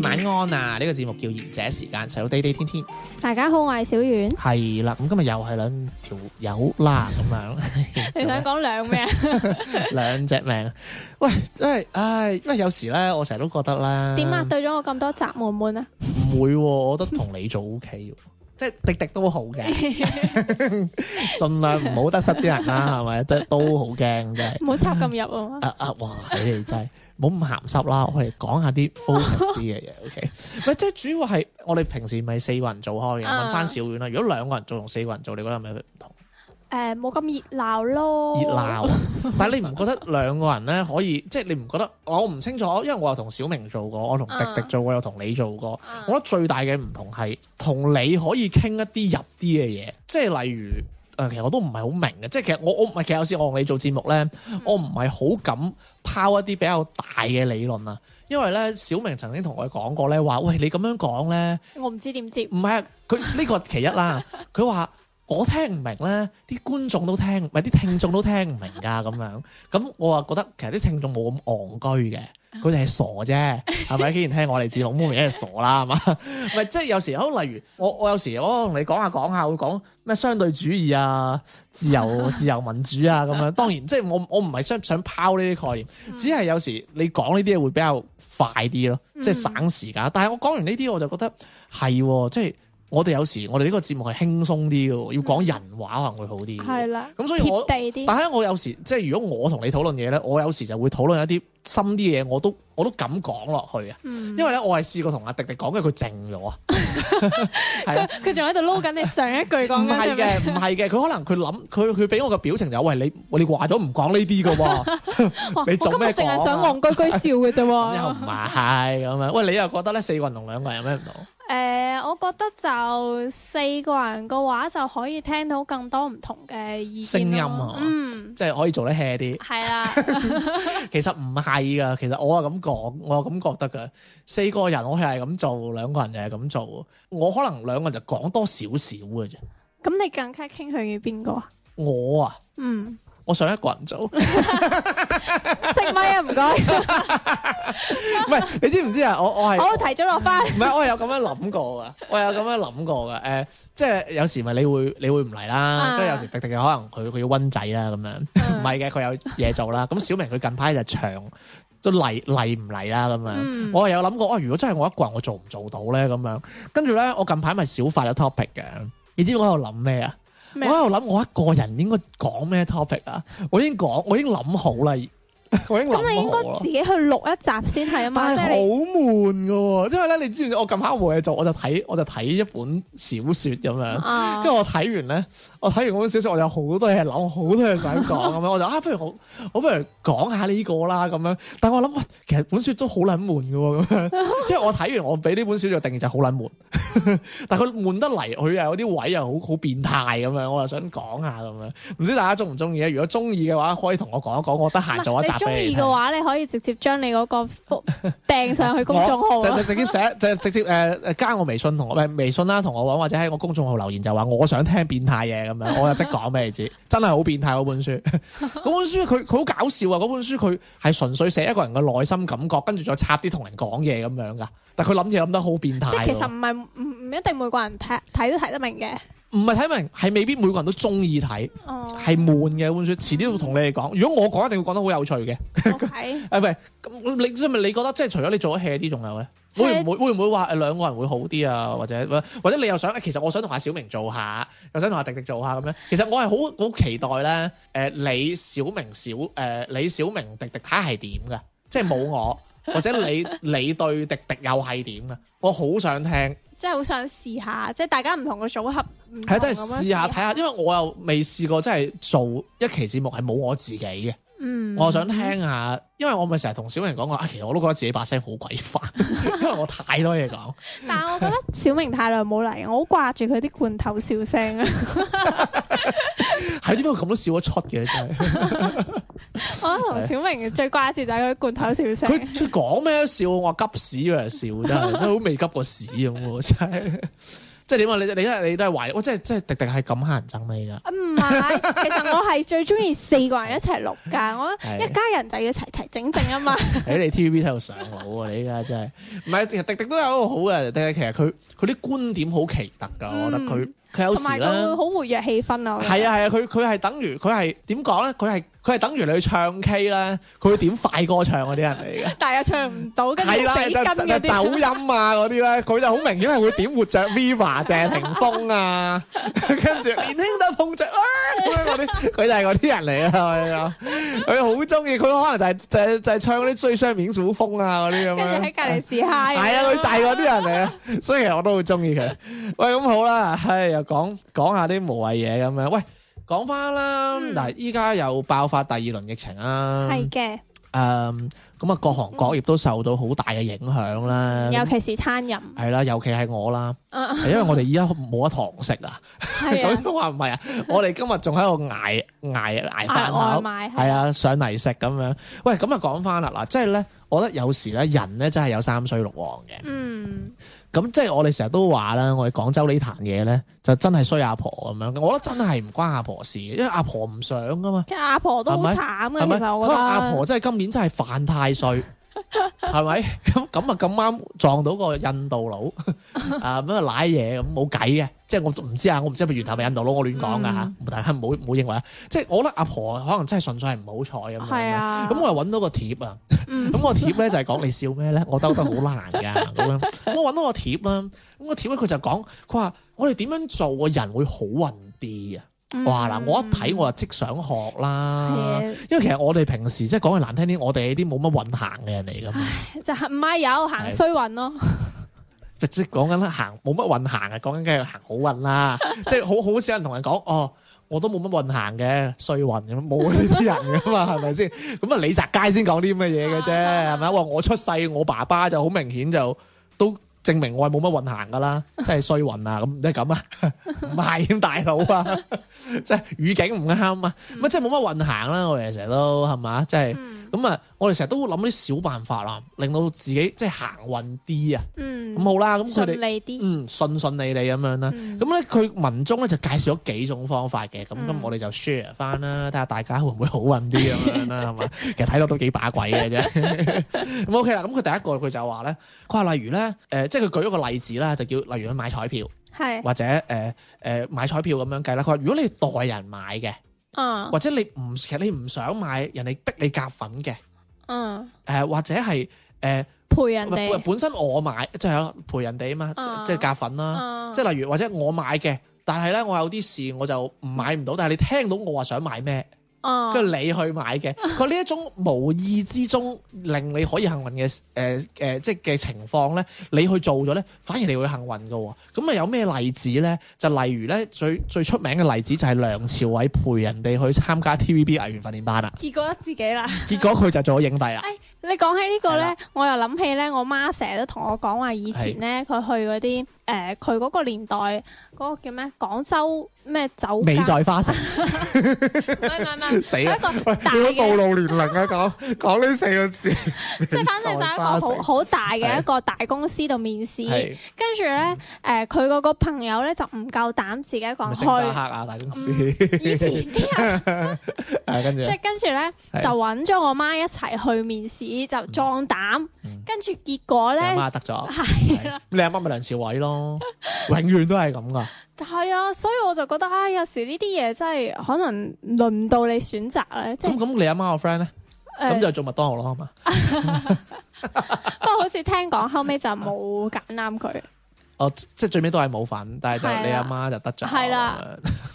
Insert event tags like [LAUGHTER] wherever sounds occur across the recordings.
晚安啊！呢個節目叫賢者時間，細佬滴滴天天。大家好，我係小丸。係啦，咁今日又係兩條友啦，咁樣。你想講兩咩啊？兩隻命。喂，真係唉，因為有時咧，我成日都覺得咧。點啊？對咗我咁多集悶唔悶啊？唔會，我覺得同你做 OK，即係滴滴都好嘅，盡量唔好得失啲人啦，係咪？即係都好驚真係，唔好插咁入啊！啊哇，你哋真係～冇咁鹹濕啦， [LAUGHS] 我哋講下啲 focus 啲嘅嘢，OK？唔即係主要係我哋平時咪四個人做開嘅， [LAUGHS] 問翻小婉啦。如果兩個人做同四個人做，你覺得有咩唔同？誒、呃，冇咁熱鬧咯。熱鬧， [LAUGHS] 但係你唔覺得兩個人咧可以， [LAUGHS] 即係你唔覺得？我唔清楚，因為我又同小明做過，我同迪，迪迪做過，又同你做過。 [LAUGHS] 我覺得最大嘅唔同係同你可以傾一啲入啲嘅嘢，即係例如。誒，其實我都唔係好明嘅，即係其實我我唔係，其實有時我同你做節目咧，嗯、我唔係好敢拋一啲比較大嘅理論啊，因為咧，小明曾經同我講過咧，話喂，你咁樣講咧，我唔知點接，唔係啊，佢呢個係其一啦，佢話。 [LAUGHS] 我聽唔明咧，啲觀眾都聽，唔係啲聽眾都聽唔明噶咁樣。咁我話覺得其實啲聽眾冇咁戇居嘅，佢哋係傻啫，係咪？既然聽我哋自老母，梗係傻啦，係嘛？唔 [LAUGHS] 即係有時候，好例如我，我有時我同你講下講下，會講咩相對主義啊、自由、自由民主啊咁樣。當然，即係我我唔係想想拋呢啲概念，只係有時你講呢啲嘢會比較快啲咯，即係、嗯、省時間。但係我講完呢啲，我就覺得係即係。我哋有時，我哋呢個節目係輕鬆啲嘅，要講人話可能會好啲。係啦，咁所以我，但係我有時即係如果我同你討論嘢咧，我有時就會討論一啲深啲嘢，我都我都敢講落去啊。因為咧，我係試過同阿迪迪講嘅，佢靜咗啊。佢仲喺度撈緊你上一句講緊。係嘅，唔係嘅，佢可能佢諗，佢佢俾我嘅表情就喂，你，你話咗唔講呢啲嘅喎。你做咩講啊？淨係想戇居居笑嘅啫喎。又唔係咁樣啊？喂，你又覺得咧，四個人同兩個人有咩唔同？誒、呃，我覺得就四個人嘅話就可以聽到更多唔同嘅意聲音，咯，嗯，即係可以做得 hea 啲。係是啊， [LAUGHS] [LAUGHS] 其實唔係噶，其實我係咁講，我係咁覺得噶。四個人我係係咁做，兩個人就係咁做。我可能兩個人就講多少少嘅啫。咁你更加傾向於邊個啊？我啊，嗯。嗯我想一個人做， [LAUGHS] [LAUGHS] 食咪啊唔該。唔係你， [LAUGHS] [LAUGHS] 你知唔知啊？我我係我提早落班。唔係我有咁樣諗過㗎，我有咁樣諗過㗎。誒，即係有時咪你會你會唔嚟啦。即 [LAUGHS] 係有時突突可能佢佢要溫仔啦咁 [LAUGHS] 樣。唔係嘅，佢有嘢做啦。咁小明佢近排就長就嚟嚟唔嚟啦咁樣。我係有諗過，哇、哎！如果真係我一個人，我做唔做到咧咁樣？跟住咧，我近排咪少發咗 topic 嘅。你知唔知我喺度諗咩啊？我喺度諗，我一個人應該講咩 topic？我已經講，我已經諗好啦。咁 [LAUGHS] 你應該自己去錄一集先係啊嘛，但係好悶噶，因為咧你知唔知？我咁啱冇嘢做，我就睇我就睇一本小說咁樣，跟住、啊、我睇完咧，我睇完嗰本小說我有好多嘢諗，好多嘢想講咁樣，我就，我 [LAUGHS] 我就啊不如我我不如講下呢個啦咁樣，但係我諗、啊、其實本書都好捻悶噶，咁樣，因為我睇完我俾呢本小說定義就好捻悶， [LAUGHS] 但佢悶得嚟佢又有啲位又好好變態咁樣，我又想講下咁樣，唔知大家中唔中意咧？如果中意嘅話，可以同我講一講，我得閒做一集。是 [LAUGHS] 中意嘅話， [LAUGHS] 你可以直接將你嗰個 book 掟上去公眾號 [LAUGHS] 直接寫，就係直接誒誒加我微信同我，唔係微信啦，同我搵或者喺我公眾號留言，就話我想聽變態嘢咁樣，我又即講咩字， [LAUGHS] 真係好變態嗰本書。嗰 [LAUGHS] 本書佢佢好搞笑啊！嗰本書佢係純粹寫一個人嘅內心感覺，跟住再插啲同人講嘢咁樣噶。但佢諗嘢諗得好變態。即係其實唔係唔唔一定每個人睇都睇得明嘅。唔係睇明，係未必每個人都中意睇，係、oh. 悶嘅。換説遲啲會同你哋講。如果我講，一定會講得好有趣嘅。係 Okay. [LAUGHS] 誒喂，咁你即係咪你覺得即係除咗你做咗戲啲，仲有咧？會唔會會唔會話兩個人會好啲啊？或者或者你又想？其實我想同阿小明做下，又想同阿迪迪做下咁樣。其實我係好好期待咧。誒、呃，你小明小誒、呃，你小明迪迪睇下係點嘅？即係冇我， [LAUGHS] 或者你你對迪迪又係點嘅？我好想聽。真係好想試一下，即係大家唔同嘅組合，係啊，真係試下睇下，因為我又未試過真係做一期節目係冇我自己嘅。嗯，我想聽下，因為我咪成日同小明講過，其實我都覺得自己把聲好鬼煩，因為我太多嘢講。 [LAUGHS] 但係我覺得小明太耐冇嚟，我好掛住佢啲罐頭笑聲啊！係點解咁都笑得出嘅？真係？我同小明最掛住就係佢罐頭笑聲。佢講咩都笑，我話急屎佢又笑，真係真係好未急過屎咁，真係。 [LAUGHS] 即係點啊？你你，你都係你都係懷疑，我真係真係迪迪係咁嚇人憎你㗎。唔係、啊，其實我係最中意四個人一齊錄㗎， [LAUGHS] 我一家人就要齊，齊整整啊嘛是。喺 [LAUGHS] 你 TVB 喺度上好啊！你依家真係，唔係迪迪都有一個好嘅，迪迪其實佢佢啲觀點好奇特㗎，我覺得佢佢、嗯、有時啦，同埋佢好活躍氣氛啊。係啊係啊，佢佢係等於佢係點講咧？佢係。佢係等於你去唱 K 啦，佢會點快歌唱嗰啲人嚟嘅。但係又唱唔到，跟住走音啊嗰啲咧，佢 [LAUGHS] 就好明顯係會點活着 Viva 謝霆鋒啊，跟 [LAUGHS] 住年輕得控制啊嗰啲，佢就係嗰啲人嚟啊。嘅。佢好中意，佢可能就係、是、就係、是、就係、是、唱嗰啲追雙面小風啊嗰啲咁啊。喺隔籬自嗨。係啊、 [LAUGHS] 哎，佢就係嗰啲人嚟啊，所以我都好中意佢。喂，咁好啦，唉、哎，又講講下啲無謂嘢咁樣。喂。講翻啦，嗱，依家又爆發第二輪疫情啦。係嘅、嗯，誒，咁啊，各行各業都受到好大嘅影響啦，尤其是餐飲，係啦，尤其係我啦，係 [LAUGHS] 因為我哋依家冇得堂食啊，廣都話唔係啊，我哋今日仲喺度挨挨挨飯餚，係 [LAUGHS] 啊，上嚟食咁樣，喂，咁啊講翻啦，嗱，即係咧，我覺得有時咧，人咧真係有三衰六旺嘅，嗯。咁即係我哋成日都話啦，我哋廣州呢壇嘢咧就真係衰阿婆咁樣，我覺得真係唔關阿婆事，因為阿婆唔想噶嘛。其實阿婆都好慘嘅，係咪？其實我覺得，阿婆真係今年真係犯太歲。 [LAUGHS] 係咪咁？咁啊，咁啱撞到個印度佬 [LAUGHS] 啊，咩瀨嘢咁冇計嘅，即係我唔知，我知我、嗯、啊，我唔知咪源頭咪印度佬，我亂講噶吓，但係唔好唔好認為啊，即係我覺得阿婆可能真係純粹係唔好彩咁樣，咁我係搵到個貼啊，咁、個貼咧就係講你笑咩？咧，我兜得好難噶咁樣，我搵到個貼啦，咁個貼咧佢就講，佢話我哋點樣做個人會好運啲啊？嗯、哇！嗱，我一睇我就即想學啦，的因為其實我哋平時即係講句難聽啲，我哋係啲冇乜運行嘅人嚟噶嘛，就係唔係有行衰運咯？即係講緊行冇乜運行啊，講緊梗係行好運啦， [LAUGHS] 即係好好少人同人講哦，我都冇乜運行嘅衰運咁，冇呢啲人噶嘛，係咪先？咁啊李澤楷先講啲乜嘢嘅啫，係咪？話我出世我爸爸就好明顯就都。都證明我係冇乜運行噶啦，真係衰運啊！咁即係咁啊，唔係咁大佬啊，即係語境唔啱啊，乜即係冇乜運行啦！我哋成日都係嘛，即係。咁啊，我哋成日都會諗啲小辦法啦，令到自己即係行運啲啊，咁好啦，咁佢哋，嗯，順順利利咁樣啦。咁咧、嗯，佢文中咧就介紹咗幾種方法嘅。咁、嗯，今日我哋就 share 翻啦，睇下大家會唔會好運啲咁樣啦，係嘛？ [LAUGHS] 其實睇落都幾把鬼嘅啫。咁、 [LAUGHS] 嗯、 [LAUGHS] OK 啦。咁佢第一個佢就話咧，佢話例如咧，誒、呃，即係佢舉咗個例子啦，就叫例如去買彩票，係是或者誒誒、呃呃、買彩票咁樣計啦。佢話如果你代人買嘅。或者你唔其實你唔想買，人哋逼你夾粉嘅，嗯、啊、誒、呃、或者係誒陪人哋、呃，本身我買即係、就係、陪人哋啊嘛，啊即係夾粉啦，啊、即係例如或者我買嘅，但係咧我有啲事我就唔買唔到，嗯、但係你聽到我話想買咩？即係你去買嘅，佢呢一種無意之中令你可以幸運嘅，誒誒，即係嘅情況咧，你去做咗咧，反而你會幸運嘅。哦。咁啊有咩例子咧？就例如咧最最出名嘅例子就係梁朝偉陪人哋去參加 TVB 藝員訓練班啦。結果自己啦。 [LAUGHS] 結果佢就做咗影帝啦。哎你講起呢個咧，我又諗起咧，我媽成日都同我講話，以前咧佢去嗰啲誒，佢嗰個年代嗰個叫咩？廣州咩酒？美在花城。唔係唔係唔係，死！一個大嘅，你冇暴露年齡啊！講講呢四個字，即係反正就係。一個好好大嘅一個大公司度面試，跟住咧誒，佢嗰個朋友咧就唔夠膽自己講去。客啊，大公司。以前啲人。跟住。即係跟住咧，就揾咗我媽一齊去面試。就壯膽，跟住、嗯、結果咧，阿媽得咗，係啦、啊， [LAUGHS] 你阿媽咪梁兆偉咯， [LAUGHS] 永遠都係咁噶，係啊，所以我就覺得啊、哎，有時呢啲嘢真係可能輪唔到你選擇咧。咁、就、咁、是、你阿媽個 friend 咧，咁、哎、就做麥當勞咯，係嘛？不過好似聽講後尾就冇揀啱佢。哦，即係最尾都係冇份，但係就你阿媽就得咗。係啦，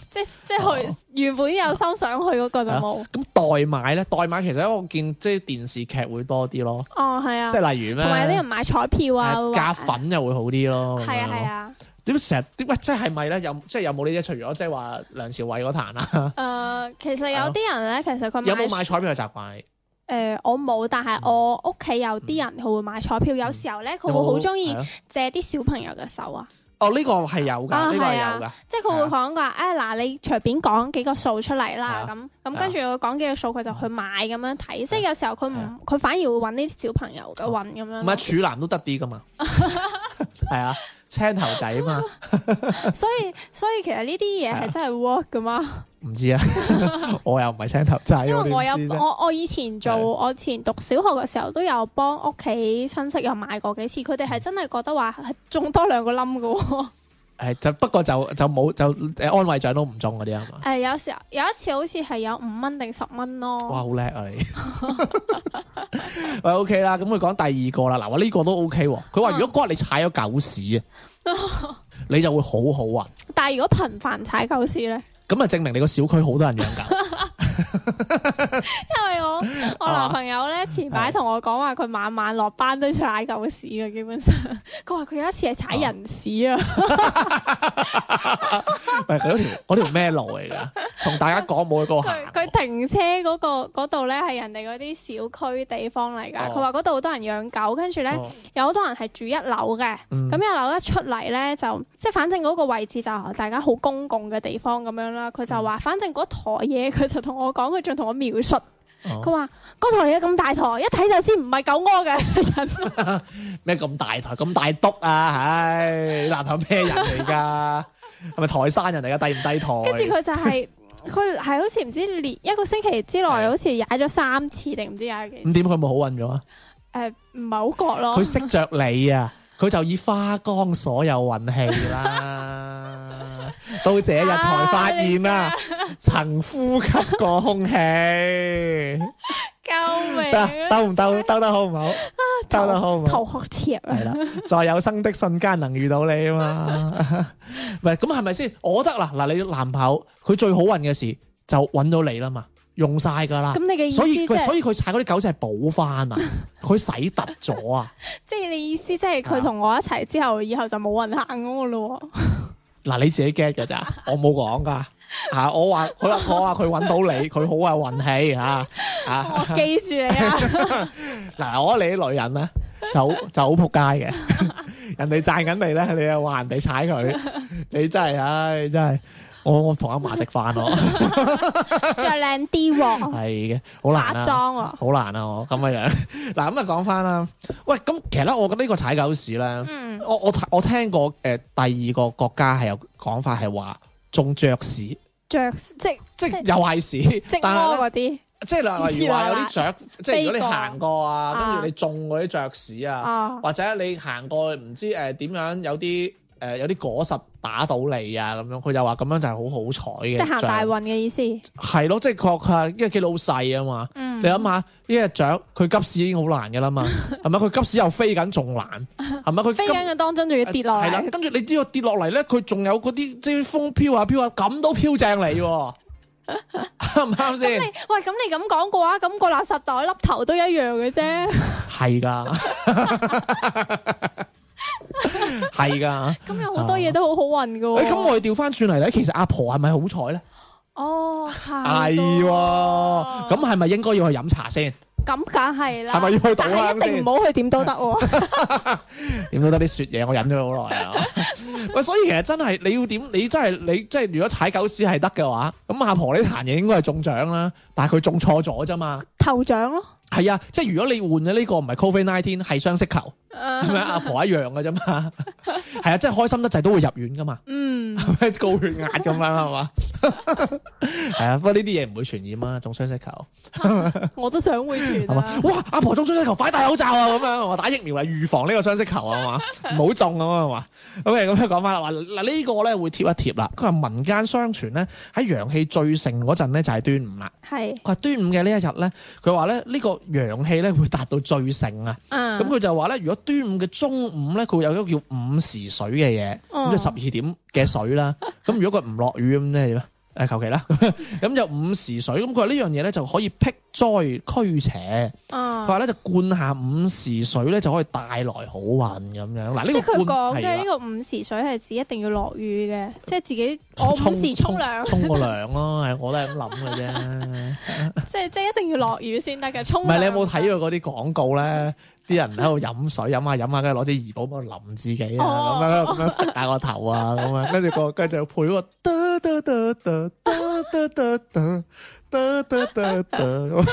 即係即係佢原本有心想去嗰個就冇。咁、啊、代買咧，代買其實我見即係電視劇會多啲咯。哦，係啊，即係例如咩？同埋啲人買彩票啊，啊，夾份又會好啲咯。係啊，係啊。點成？日、啊？喂？即係咪咧？有即係有冇呢啲？除咗即係話梁朝偉嗰壇啦。誒、呃，其實有啲人咧，其實佢、啊、有冇買彩票嘅習慣？誒，我冇，但係我屋企有啲人佢會買彩票，有時候咧佢會好中意借啲小朋友嘅手啊。哦，呢個係有噶，呢個係有噶，即係佢會講噶。誒，嗱，你隨便講幾個數出嚟啦，咁咁跟住我講幾個數，佢就去買咁樣睇。即係有時候佢唔，佢反而會搵啲小朋友嘅運咁樣。唔係處男都得啲噶嘛？係啊。青頭仔嘛， [LAUGHS] 所以所以其實呢啲嘢係真係 work 噶嘛？唔 [LAUGHS] 知道啊， [LAUGHS] 我又唔係青頭仔。 [LAUGHS] 因為我有我我以前做，我以前讀小學嘅時候都有幫屋企親戚又買過幾次，佢哋係真係覺得話中多兩個冧噶。誒、哎，就不過就就冇就誒安慰獎都唔中嗰啲啊嘛。誒、哎，有時有一次好似係有五蚊定十蚊咯。哇，好叻啊你、 [LAUGHS] [LAUGHS] 哎。喂，OK 啦，咁佢講第二個啦。嗱，我、這、呢個都 OK、啊。佢話如果嗰日你踩咗狗屎， [LAUGHS] 你就會好好、啊、運。但係如果頻繁踩狗屎咧？咁啊，證明你個小區好多人養狗。 [LAUGHS] [LAUGHS] 因為我我男朋友咧前排同我講話佢晚晚落班都踩狗屎嘅，基本上佢話佢有一次係踩人屎啊！唔係嗰條條咩路嚟噶？同大家講冇去過。佢停車嗰、嗰個度咧係人哋嗰啲小區地方嚟噶。佢話嗰度好多人養狗，跟住咧有好多人係住一樓嘅。咁、嗯、一樓一出嚟咧就即係反正嗰個位置就大家好公共嘅地方咁樣啦。佢就話反正嗰台嘢佢就同我講佢。仲同我描述，佢話嗰台嘢咁大台，一睇就知唔係狗屙嘅人。咩 [LAUGHS] 咁 [LAUGHS] 大台咁大篤啊？唉、哎，男朋友，係咩人嚟噶？係咪台山人嚟噶？低唔低台？跟住佢就係佢係好似唔知連一個星期之內好似踩咗三次定唔的知踩幾次。咁點佢冇好運咗啊？誒、呃，唔係好覺咯。佢識着你啊！佢就以花光所有運氣啦。 [LAUGHS] 到這一日才發現啦、啊，啊、曾呼吸過空氣。救命！得， [LAUGHS] 兜唔兜兜得好唔好？兜、啊、得好唔好？頭殼貼啊！係啦 [LAUGHS] 再有生的瞬間能遇到你嘛？唔係咁係咪先？我得啦，嗱，你男朋友，佢最好運嘅事就揾到你啦嘛，用晒噶啦。咁你嘅意思即、即係、所以佢踩嗰啲狗仔係補翻啊？佢 [LAUGHS] 洗突咗啊？ [LAUGHS] 即係你意思即係佢同我一齊之後，以後就冇運行咁噶咯？ [LAUGHS] 嗱你自己 get 嘅咋，我冇講噶，啊我話佢話我話佢搵到你，佢好有運氣啊啊，啊我記住你啊，嗱我、 [LAUGHS] 啊、你啲女人咧，就就好仆街嘅，人哋讚緊你咧，你又話人哋踩佢，你真係唉、啊、真係、啊。我我同阿嫲食飯咯，着靚啲喎。係嘅，好難裝啊，好難啊，我咁嘅樣。嗱，咁啊講翻啦。喂，咁其實咧，我覺得呢個踩狗屎咧，我我我聽過誒，第二個國家係有講法係話中雀屎，雀即即又係屎，即多嗰啲，即例如話有啲雀，即如果你行過啊，跟住你中嗰啲雀屎啊，或者你行過唔知誒點樣有啲。誒，有啲果實打到你啊，咁樣佢又話咁樣就係好好彩嘅，即係行大運嘅意思。係咯，即係確係，因為佢老細啊嘛。嗯，你諗下呢隻雀，佢急屎已經好難㗎啦嘛，係咪？佢急屎又飛緊，仲難，係咪？佢飛緊嘅當中仲要跌落嚟。係啦，跟住你知道跌落嚟咧，佢仲有嗰啲即係風飄啊飄啊，咁都飄正你，啱唔啱先？喂，咁你咁講嘅話，咁個垃圾袋粒頭都一樣嘅啫。係噶。係噶，今日 [LAUGHS] 的、嗯、好多嘢都好好運噶。咁、欸、我哋調翻轉嚟咧，其實阿婆係咪好彩咧？哦，係。咁係咪應該要去飲茶先？咁梗係啦。係咪要去倒？但係一定唔好去點都、啊、 [LAUGHS] [LAUGHS] 都得。點都得啲雪嘢，我忍咗好耐啊。喂， [LAUGHS] 所以其實真係你要點？你真係你即係如果踩狗屎係得嘅話，咁阿婆呢壇嘢應該係中獎啦。但係佢中錯咗啫嘛。頭獎咯。係啊，即係如果你換咗呢個唔係 COVID-19，係雙色球，係咪阿婆一樣嘅啫嘛？係 [LAUGHS] 啊，即係開心得滯都會入院噶嘛？嗯、um, [LAUGHS] 高血壓咁樣係嘛？係啊，不過呢啲嘢唔會傳染啊，中雙色球。 [LAUGHS] 我都想會傳、啊，哇！阿婆，婆中雙色球，快戴口罩啊！咁樣我打疫苗嚟預防呢個雙色球是是 [LAUGHS] 啊嘛，唔好中咁啊嘛。咁啊咁樣講翻啦，嗱呢個咧會貼一貼啦。佢話民間相傳咧喺陽氣最盛嗰陣咧就係端午啦。係是，佢話端午嘅呢一日咧，佢話咧呢個。陽氣咧會達到最盛啊！咁佢、嗯、就話咧，如果端午嘅中午咧，佢會有一個叫午時水嘅嘢，咁、嗯、即係十二點嘅水啦。咁 [LAUGHS] 如果佢唔落雨咁，即係點？誒求其啦，咁就午時水，咁佢話呢樣嘢咧就可以辟災驅邪。佢話咧就灌下午時水咧就可以帶來好運咁樣。嗱、啊，呢、呢個即係佢講嘅呢個午時水係指一定要落雨嘅，即係自己我午時沖涼沖，沖個涼咯， [LAUGHS] 我都係咁諗嘅啫。 [LAUGHS] 即係即係一定要落雨先得嘅，沖唔係你有冇睇過嗰啲廣告咧？嗯啲人喺度飲水飲下飲下，跟住攞支怡寶喺度淋自己啊，咁樣咁樣揈下個頭啊，咁啊，跟住個繼續配喎，得得得得得得得得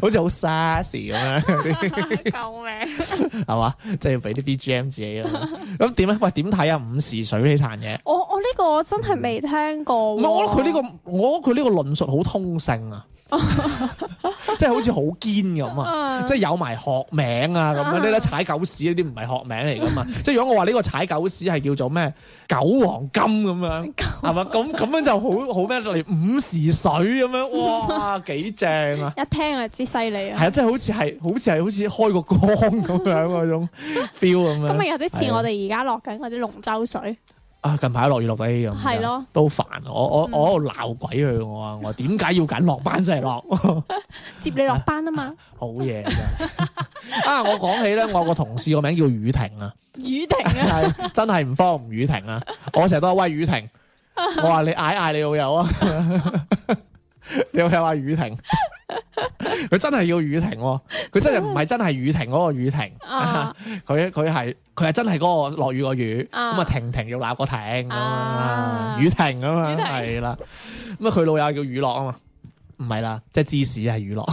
好似好沙士咁啊！救命！係 [LAUGHS] 嘛？ [LAUGHS] 即係要俾啲 BGM 自己咯。咁點啊？喂，點睇啊？午時水呢壇嘢？我我呢個我真係未聽過。唔係我覺得佢呢個、嗯、我佢呢個論述好通性啊。 [LAUGHS] 即係好似好堅咁啊！嗯、即係有埋學名啊，咁樣咧，踩狗屎嗰啲唔係學名嚟噶嘛！嗯、即係如果我話呢個踩狗屎係叫做咩狗黃金咁樣，係嘛，咁咁樣就好好咩嚟？午時水咁樣，哇，幾正啊！ [LAUGHS] 一聽就知犀利啊！係啊，即係好似係，好似係，好似開個光咁樣嗰種 feel 咁樣。咁咪 [LAUGHS] [LAUGHS] 有啲似我哋而家落緊嗰啲龍舟水。 [LAUGHS] 嗯啊！近排落雨落到呢咁，係咯，都煩我我，嗯、我喺度鬧鬼佢，我話我點解要揀落班先嚟落？ [LAUGHS] 接你落班啊嘛，好嘢，啊！啊，我講起咧，我有個同事個名叫雨婷啊，雨婷 [LAUGHS] 啊，真係唔慌唔雨婷啊，我成日都喂，雨婷，我話你嗌嗌你老友啊。 [LAUGHS] 你又係話雨停，佢 [LAUGHS] 真係要雨停，喔，佢真係唔係真係雨停嗰個雨停，佢佢係佢係真係嗰個落雨個雨，咁啊停停要鬧個停，啊啊、雨停咁樣，係停啦，咁啊佢老友叫雨落啊嘛，唔係啦，即係芝士係雨落，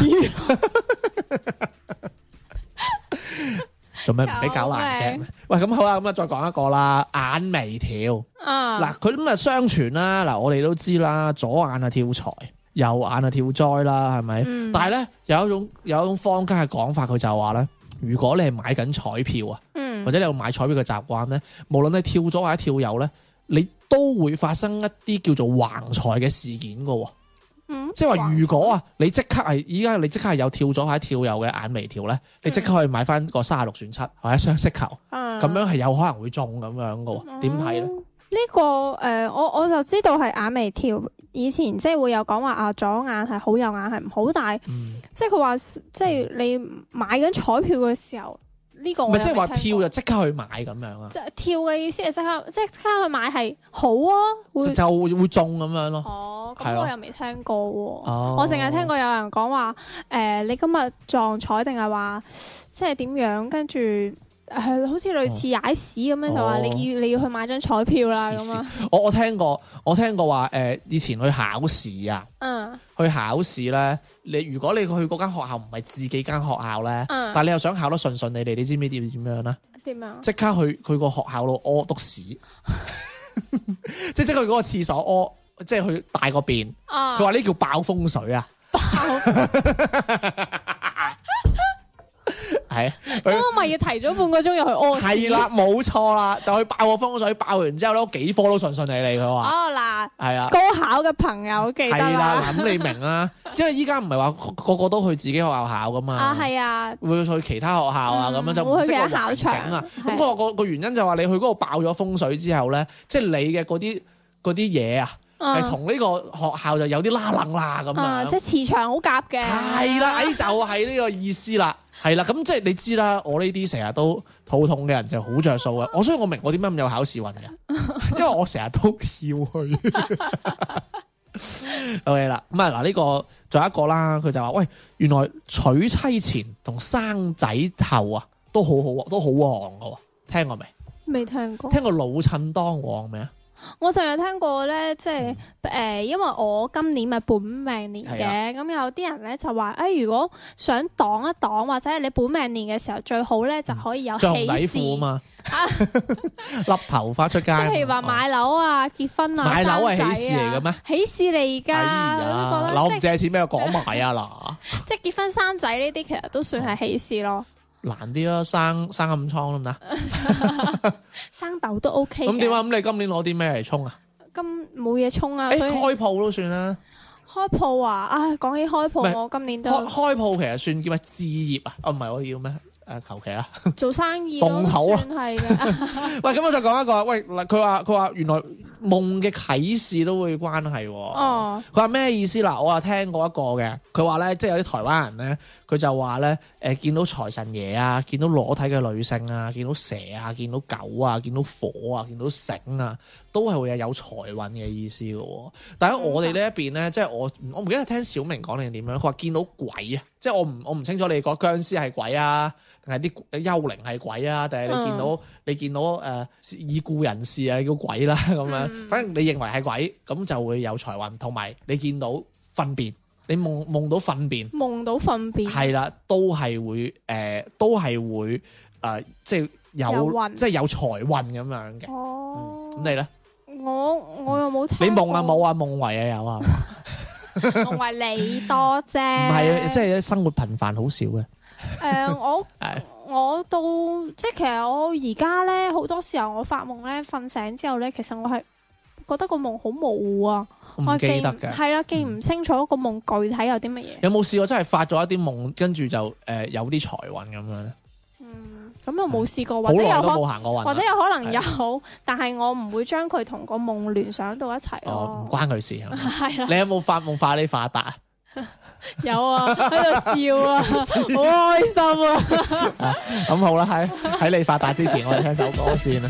做咩唔俾搞難聽 [LAUGHS] 喂，咁好啊，咁啊再講一個啦，眼眉條嗱，佢咁啊相傳啦，嗱，我哋都知啦，左眼啊跳財。右眼啊跳災啦，係咪？嗯、但係咧有一種有一種坊間嘅講法，佢就話咧，如果你係買緊彩票啊，嗯、或者你有買彩票嘅習慣咧，無論你跳左或者跳右咧，你都會發生一啲叫做橫財嘅事件噶。嗯，即係話如果啊，你即刻係依家你即刻係有跳左或者跳右嘅眼眉跳咧，你即刻可以買翻個卅六選七或者雙色球，咁、嗯、樣係有可能會中咁樣噶。點睇咧？嗯呢、這個誒，我、呃、我就知道係眼眉跳，以前即係會有講話啊，左眼係好，右眼係唔好，但係即係佢話即係你買緊彩票嘅時候，呢、這個唔係即係話跳就即刻去買咁樣啊？即係跳嘅意思係即刻，即刻去買係好啊，會就會中咁樣咯、啊。哦，咁我又未聽過喎、啊。的我淨係聽過有人講話誒，你今日撞彩定係話即係點樣跟住？係，好似類似踩屎咁樣，哦、就話你要你要去買張彩票啦咁啊！哦嗯、我我聽過，我聽過話，誒、呃，以前去考試啊，嗯，去考試咧，你如果你去嗰間學校唔係自己間學校咧，嗯、但係你又想考得順順利利，你知唔知點點樣咧？點啊樣？即刻去佢個學校度屙督屎，即即、嗯、去嗰個廁所屙，即、就、係、是、去大個便。佢話呢叫爆風水啊！爆！ [LAUGHS] 係，咁我咪要提早半個鐘入去屙屎。係啦，冇錯啦，就去爆個風水，爆完之後咧，幾科都順順利利。佢話哦嗱，係啊，高考嘅朋友記得啦。咁你明啦，因為依家唔係話個個都去自己學校考噶嘛。啊，係啊，會去其他學校啊，咁樣就會變咗考場啊。咁我個個原因就係話你去嗰度爆咗風水之後咧，即係你嘅嗰啲嗰啲嘢啊，係同呢個學校就有啲拉楞啦咁啊，即係磁場好夾嘅。係啦，就係呢個意思啦。係啦，咁即係你知啦，我呢啲成日都肚痛嘅人就好着數嘅。我、啊啊啊、所以，我明我點解咁有考試運嘅，因為我成日都笑佢。 [LAUGHS] OK 啦，咁嗱，呢個仲有一個啦，佢就話喂，原來娶妻前同生仔後啊，都好好、啊，都好旺嘅、啊。聽過未？未聽過。聽過老襯當旺未啊？我成日聽過咧，即係誒、呃，因為我今年咪本命年嘅，咁、啊嗯、有啲人咧就話，誒、哎，如果想擋一擋或者係你本命年嘅時候，最好咧就可以有喜事。着紅底褲嘛，甩 [LAUGHS] [LAUGHS] [LAUGHS] 頭髮出街。即係譬如話買樓啊、哦、結婚啊、生仔啊。買樓係喜事嚟嘅咩？喜事嚟噶，樓、哎、呀借錢俾我講埋啊嗱。即係結婚生仔呢啲，其實都算係喜事咯。難啲咯、啊，生生暗瘡得唔得？ [LAUGHS] 生豆都 OK。咁點啊？咁你今年攞啲咩嚟沖啊？今冇嘢沖啊！欸、以開鋪都算啦。開鋪啊！啊，講起開鋪，是我今年都開開鋪其實算叫咩置業啊？哦、啊，唔係我要咩？誒，求其啊！做生意算。動口啊！ [LAUGHS] 喂，咁我就講一個。喂，嗱，佢話佢話原來。夢嘅啟示都會關係。哦，佢話咩意思？嗱，我話聽過一個嘅，佢話咧，即係有啲台灣人咧，佢就話咧，誒、呃、見到財神爺啊，見到裸體嘅女性啊，見到蛇啊，見到狗啊，見到火啊，見到繩啊，都係會有財運嘅意思嘅、哦。但係我哋呢一邊咧，嗯、即係我我唔記得聽小明講定係點樣，佢話見到鬼啊，即係我唔我唔清楚你哋僵屍係鬼啊。係啲幽靈，係鬼啊！定係你見到你見到誒已故人士啊，叫鬼啦咁樣。反正你認為係鬼，咁就會有財運。同埋你見到糞便，你夢夢到糞便，夢到糞便，係啦，都係會誒，都係會誒，即係有即係有財運咁樣嘅。哦，咁你咧？我我又冇。你夢啊冇啊？夢為啊有啊？夢為你多啫，唔係，即係生活頻繁，好少嘅。誒、呃，我我到即係其實我而家咧好多時候我發夢咧，瞓醒之後咧，其實我係覺得個夢好模糊啊，我唔記得嘅係啦，記唔清楚個夢具體有啲乜嘢。有冇試過真係發咗一啲夢，跟住就誒有啲財運咁樣咧？嗯，咁又冇試過，嗯、或者有可，有行過，或者有可能有，的但係我唔會將佢同個夢聯想到一齊咯、啊。唔、哦、關佢事係係 [LAUGHS] 你有冇發夢發你發達啊？ [LAUGHS] 有啊，喺度笑啊，好開心啊！啊，咁好啦，喺喺你發達之前，我哋聽首歌先啦。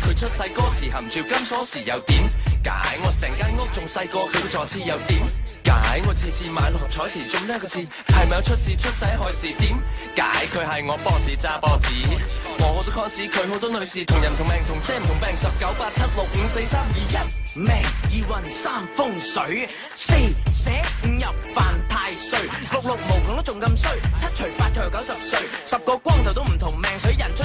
佢出世嗰時含住金鎖匙又點解？我成間屋仲細過佢個坐廁又點解？我次次買六合彩時中呢個字係咪有出事出世害事？點解佢係我 boss 揸 boss？我好多 cons，佢好多女士同人同命同姐唔同病。十九八七六五四三二一命二運三風水四捨五入犯太歲，六六無窮都仲咁衰，七除八卻又九十歲，十個光頭都唔同命，水人出。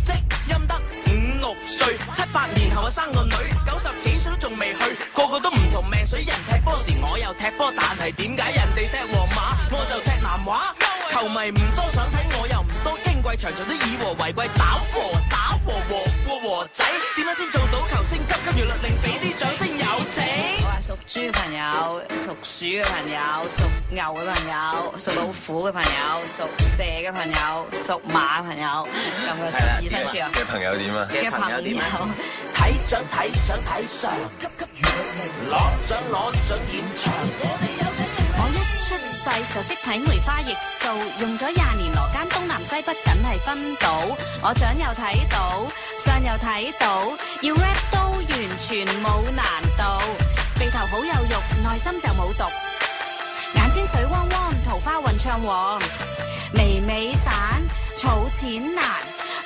生個女，九十幾歲都仲未去，個個都唔同命水。人踢波時我又踢波，但係點解人哋踢皇馬我就踢南華？球迷唔多想睇，我又唔多矜貴。場場都以和為貴，打和打和和過和仔，點樣先做到球星級，急急如律令。兵？豬嘅朋友、屬鼠嘅朋友、屬牛嘅朋友、屬老虎嘅朋友、屬蛇嘅朋友、屬馬嘅朋友，咁嘅十二生肖嘅朋友點啊？嘅朋友點啊？睇掌睇掌睇相，急急如律令攞相攞相現場？我一出世就識睇梅花易數，用咗廿年羅間東南西北梗係分到，我掌又睇到，相又睇到，要 rap 都完全冇難度。鼻頭好有肉，內心就冇毒，眼睛水汪汪，桃花運暢旺，眉尾散，儲錢難。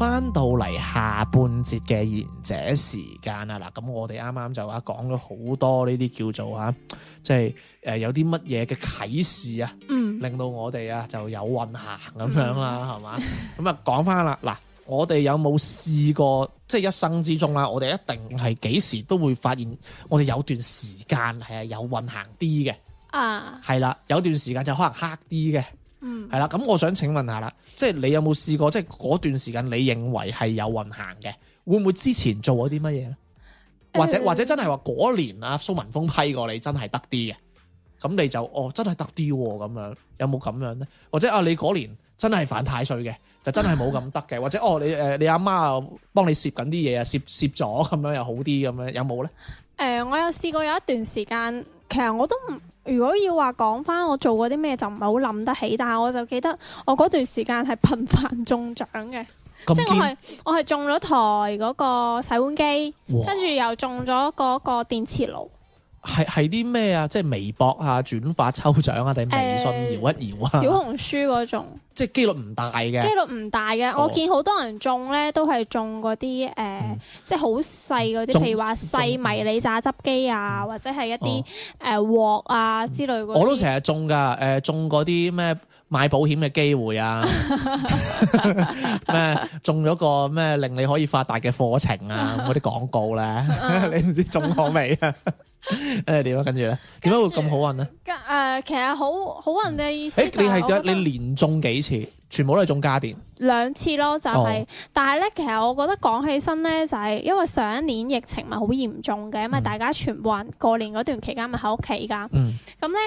翻到嚟下半節嘅賢者時間剛剛啊，嗱，咁我哋啱啱就話講咗好多呢啲叫做嚇，即係誒有啲乜嘢嘅啟示啊，嗯、令到我哋啊就有運行咁樣啦，係嘛？咁啊講翻啦，嗱，我哋有冇試過即係、就是、一生之中啦、啊？我哋一定係幾時都會發現，我哋有段時間係有運行啲嘅啊，係啦，有段時間就可能黑啲嘅。嗯，係啦，咁我想請問下啦，即係你有冇試過，即係嗰段時間你認為係有運行嘅，會唔會之前做咗啲乜嘢咧？或者、呃、或者真係話嗰年啊蘇文峰批過你真係得啲嘅，咁你就哦真係得啲咁樣，有冇咁樣咧？或者啊你嗰年真係犯太歲嘅，就真係冇咁得嘅，嗯、或者哦你誒、呃、你阿媽啊幫你攝緊啲嘢啊攝攝咗咁樣又好啲咁樣，有冇咧？誒、呃，我有試過有一段時間，其實我都唔。如果要話講翻我做過啲咩，就唔係好諗得起，但係我就記得我嗰段時間係頻繁中獎嘅，即係我係我係中咗台嗰個洗碗機，跟住哇又中咗嗰個電磁爐。係係啲咩啊？即係微博啊，轉發抽獎啊，定微信搖一搖啊、呃、小紅書嗰種，即係幾率唔大嘅，幾率唔大嘅，哦、我見好多人中咧，都係中嗰啲誒，呃嗯、即係好細嗰啲，譬如話細迷你榨汁機啊，嗯、或者係一啲誒鑊啊之類嗰、嗯。我都成日中噶，誒中嗰啲咩買保險嘅機會啊，咩 [LAUGHS] 中咗個咩令你可以發達嘅課程啊，嗰啲廣告咧，嗯、 [LAUGHS] [LAUGHS] 你唔知中過未啊？ [LAUGHS] 誒點啊？跟住咧，點解會咁好運咧？誒、呃，其實好好運嘅意思就係、欸、你，你連中幾次，全部都係中家電。兩次咯，就係、是，哦、但係咧，其實我覺得講起身咧，就係、是、因為上一年疫情咪好嚴重嘅，因為大家全運、嗯、過年嗰段期間咪喺屋企噶。嗯。咁咧